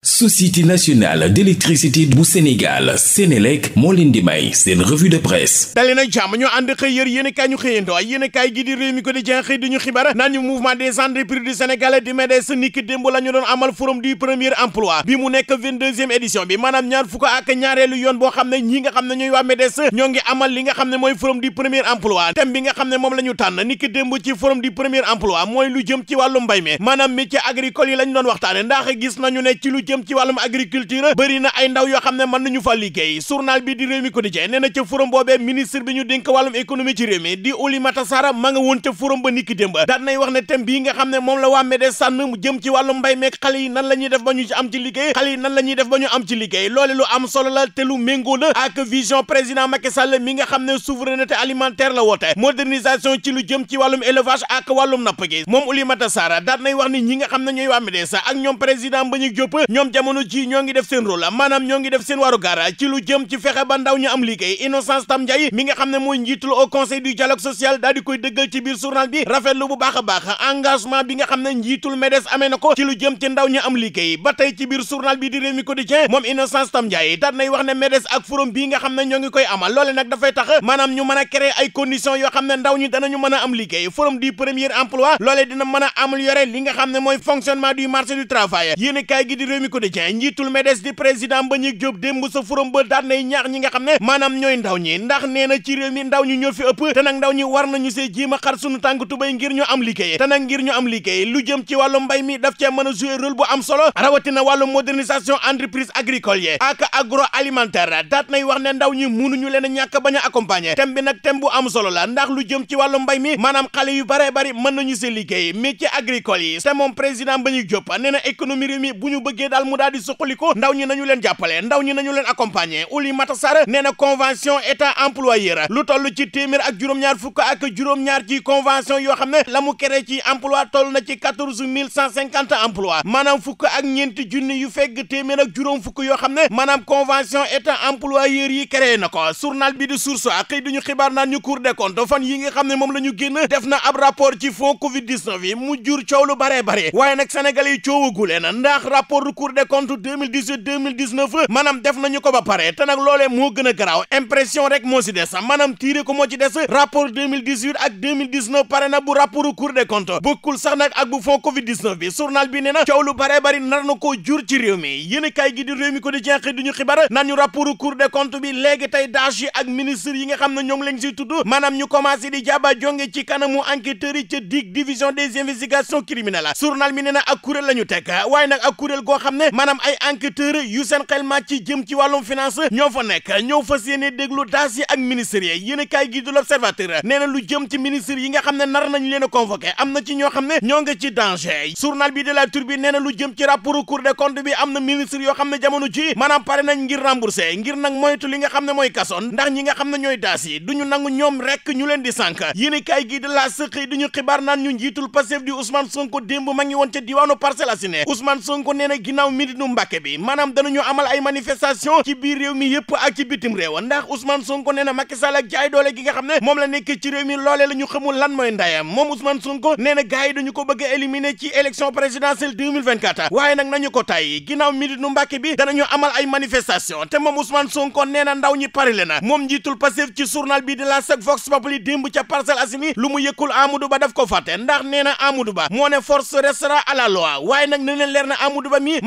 société nationale d'électricité bu Sénégal Sénélec moo leen di may seen revue de presse dali nag ñoo ànd xëy yër yéen ñu xëyandoo yéen i kaay réew mi ko di jeex xëy di ñu xibaar naan ñu mouvement des entreprises du Sénégal di MEDES ni ki démb doon amal forum du premier emploi bi mu nekk vingt bi maanaam ñaar fukk ak ñaareelu yoon boo xam ne ñi nga xam ne ñooy waa MEDES ñoo ngi amal li nga xam ne mooy forum du premier emploi jëm ci wàllum agriculture bëri na ay ndaw yoo xam ne mën nañu fa liggéey journal bi di réew mi quotidien nee na ca forum boobee ministre bi ñu dénk wàllum économie ci réew mi di Oulimata Sarr ma nga woon ca forum ba niki démb daan nay wax ne thème bii nga xam ne moom la waa MEDES sànn mu jëm ci wàllum mbay meeg xale yi nan la def ba ñu ci am ci liggéey xale yi la ñuy def ba ñu am ci liggéey loole lu am solo la te lu méngoo la ak vision président Macky Sall mi nga xam ne souveraineté alimentaire la woote modernisation ci lu jëm ci wàllum élevage ak wàllum napp gi moom Oulimata Sarr daan nay wax ni ñi nga xam ne ñooy waa MEDES ak président Mbagnick ñoom jamono ji ñoo ngi def seen rôle maanaam ñoo ngi def seen waru gaara ci lu jëm ci mi nga xam ne mooy njiitul au conseil du dialogue social daal di koy dëggal ci biir journal bi bu baax a baax bi nga xam ne njiitul MEDES amee na ko lu jëm ci ndaw ñu am liggéey ba tey ci biir journal bi di Rewmi Quotidien moom Innocence Tam Ndiaye daal nay wax ne MEDES ak forum bii nga xam ne ñoo ngi koy amal loole nag dafay tax maanaam ñu mën a créer ay conditions yoo xam ne ndaw ñi danañu mën a am liggéey forum du premier emploi loole dina mën a améliorer li nga xam ne mooy fonctionnement di marché du travail yéen kaay gi di Rewmi mi quotidien njiitul MEDES di président Mbagnick Diop démb sa forum ba daan nay ñaax ñi nga xam ne maanaam ñooy ndaw ñi ndax nee na ci réew mi ndaw ñi ñoo fi ëpp te nag ndaw ñi war nañu see jéem a xar sunu tànk tubéy ngir ñu am liggéey te nag ngir ñu am liggéey lu jëm ci wàllu mbay mi daf cee mën a jouer rôle bu am solo rawatina wàllu modernisation entreprise agricole yi ak agroalimentaire daat nay wax ne ndaw ñi mënuñu leen a ñàkk bañ a accompagner thème bi nag thème bu mi maanaam xale yu bare bari mën nañu see liggéey métier yi te moom président Mbagnick daal mu daal di suqaliku ndaw ñi nañu leen jàppale ndaw ñi nañu leen accompagner Ouli Mata Sarr nee na convention état employeur lu toll ci téeméer ak juróom-ñaar fukk ak juróom-ñaar ci convention yoo xam ne la mu créé ci emploi toll na ci quatorze mille cent cinquante emploi maanaam fukk ak ñeenti junni yu fegg téeméer ak juróom fukk yoo xam ne maanaam convention état employeur yi kere na ko journal bi di source ak xëy duñu xibaar naan ñu cour des comptes fan yi nga xam ne moom la ñu génn def na ab rapport ci fond covid 19 yi mu jur coow lu bare bare waaye nag sénégalais yi cour des comptes 2018 2019 maanaam def nañu ko ba pare te nag loolee moo gën a garaaw impression rek moo si des maanaam tiire ko moo ci des rapport 2018 ak 2019 pare na bu rapport cour des comptes bokkul sax nag ak bu fond covid 19 bi journal bi nee na coow lu bare bari nar na koo jur ci réew mi yéen kay gi di réew mi ko di jeex duñu xibaar naan ñu rapport cour des comptes bi léegi tey daaj yi ak ministre yi nga xam ne ñoom lañ tudd maanaam ñu commencé di jaaba jonge ci kanamu enquêteurs yi ca dig division des na ak kuréel la ñu teg waaye nag kuréel goo xam xam ne maanaam ay enquêteur yu seen xel màcc ci jëm ci wàllum finance ñoo fa nekk ñoo fas ne déglu daas yi ak ministre yi yéen a kaay gi du l'observateur nee na lu jëm ci ministre yi nga xam ne nar nañ leen a convoqué am na ci ñoo xam ne ñoo nga ci danger journal bi de la Tribune na lu jëm ci rapport Cour des comptes bi am na ministre yoo xam ne jamono ji maanaam pare nañ ngir remboursé ngir nag moytu li nga xam ne mooy kasoon ndax ñi nga xam ne ñooy daas yi duñu nangu ñoom rekk ñu leen di sànk yéen a kaay gi de la sëqëy duñu xibaar naan ñu njiitul Pastef di Ousmane Sonko démb ma ngi woon ca diwaanu Parcelles Assainies Ousmane Sonko nee na ginnaaw Médina Mbàkke bi maanaam danañu amal ay manifestation ci biir réew mi yëpp ak ci bitim réew ndax Ousmane Sonko nee na Macky Sall ak jaay doole gi nga xam ne moom la nekk ci réew mi loolee la ñu xamul lan mooy ndayam moom Ousmane Sonko nee na gars yi ko bëgg a éliminer ci élection présidentielle 2024 waaye nag nañu ko tàyyi ginnaaw Médina Mbàkke bi danañu amal ay manifestation te moom Ousmane Sonko nee ndaw ñi pare le moom njiitul Pastef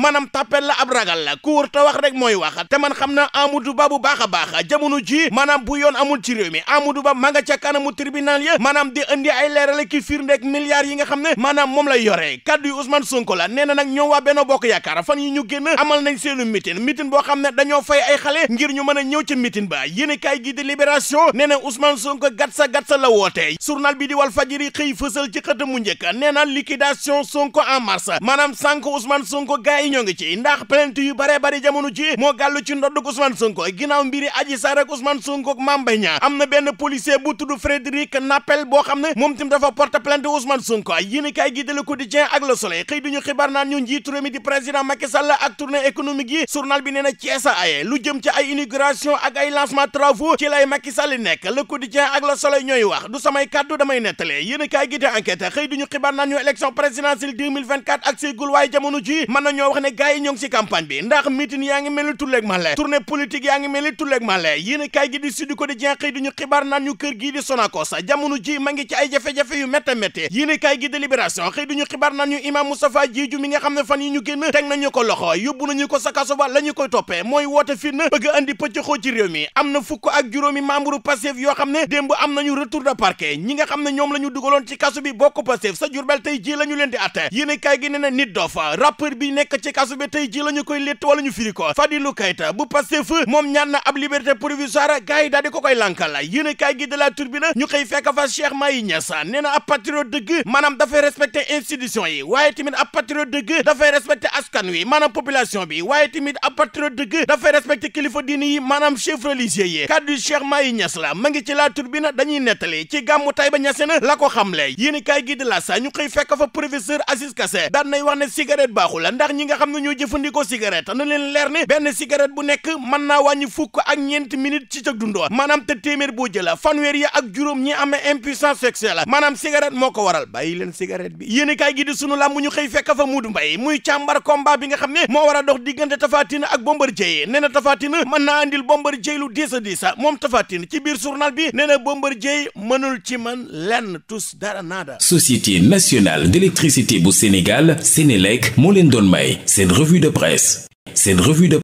maanaam tàppet la ab ragal la ku wër te wax rek mooy wax te man xam na Amadou Ba bu baax a baax jamono ji maanaam bu yoon amul ci réew mi Amadou Ba ma nga kanamu tribunal ya maanaam di indi ay leerale ki firndeek milliards yi nga xam ne maanaam moom lay yore kaddu yi Ousmane Sonko la nee na nag ñoom waa Benno Bokk Yaakaar fan yi ñu génn amal nañ seenu mitin mitin boo xam ne dañoo fay ay xale ngir ñu mën a ñëw ca mitin ba yéene kaay gi di libération usman na gat Sonko gatsa gatsa la woote journal bi di Walf Fadjri xëy fësal ci xët mu njëkk nee na liquidation Sonko en mars maanaam sànk Ousmane Sonko gaay ñoo ngi ci ndax plainte yu bare bari jamono ji moo gàllu ci ndodd Ousmane Sonko ginnaaw mbiri Adji Sarr ak Ousmane Sonko ak Mame am na benn policier bu tudd Frédéric Nappel boo xam ne moom tim dafa porte plainte Ousmane Sonko yéenekaay gi de Le Quotidien ak Le Soleil xëy duñu xibaar naan ñu njiitu réew mi di président Macky Sall ak tournée économique yi journal bi nee na Ceesa aye lu jëm ci ay inauguration ak ay lancement travaux ci lay Macky Sall nekk Le Quotidien ak Le Soleil ñooy wax du samay kàddu damay nettale yéenekaay gi de Enquête xëy duñu xibaar naan ñu élection présidentielle ji mën na ñoo wax ne gars yi ñoo ngi ci campagne bi ndax meeting yaa ngi mel ni tulleeg male tournée politique yaa ngi mel ni tulleeg male yéen kaay gi di Sud Quotidien xëy duñu xibaar naan ñu kër gii di Sonacos jamono ji ma ngi ci ay jafe-jafe yu métte métte yéen kaay gi di Libération du ñu xibaar naan ñu imam Moustapha Diédhiou mi nga xam ne fan yi ñu génn teg nañu ko loxo yóbbu nañu ko sa kaso ba la ñu koy toppee mooy woote fitna bëgg andi pëccëxoo ci réew mi am na fukk ak juróomi membre Pastef yoo xam ne démb am nañu retour de parquet ñi nga xam ne ñoom la ñu dugaloon ci kaso bi bokk Pastef sa Jurbel tey ji la leen di atte yéen kaay gi ne na nit dofa rappeur bi nekk ci kasu bi tey ji la ñu koy létt wala ñu firi ko Fadilou Keita bu Pastef moom ñaan na ab liberté provisoire gars yi daal di ko koy lankal yéen kaay gi de la Tribune ñu koy fekk fa Cheikh Mahi Niass nee na ab dëgg maanaam dafay respecté institution yi waaye tamit ab patriote dëgg dafay respecté askan wi maanaam population bi waaye tamit ab patriote dëgg dafay respecté kilifa diini yi maanaam chef religieux yi kaddu Cheikh Mahi Niass la ma ci la Tribune xam ne ñoo jëfandikoo cigarette na leen leer ne benn cigarette bu nekk mën naa wàññi fukk ak ñeenti minut ci cëg dundoo maanaam te téeméer boo jëla fanweer yi ak juróom ñi amee impuissance sexuelle maanaam cigarette moo ko waral bàyyi leen cigarette bi yéen kaay gi di sunu làmb ñu xëy fekk fa Modou Mbaye muy càmbar combat bi nga xam ne moo war a dox diggante Tapha Tine ak Bombardier nee na Tapha Tine mën naa andil Bombardier lu diis a diis moom Tapha Tine ci biir journal bi nee na Bombardier mënul ci man lenn tus dara naada société nationale d'électricité bu Sénégal Sénélec moo leen doon may seen revue de presse seen revue de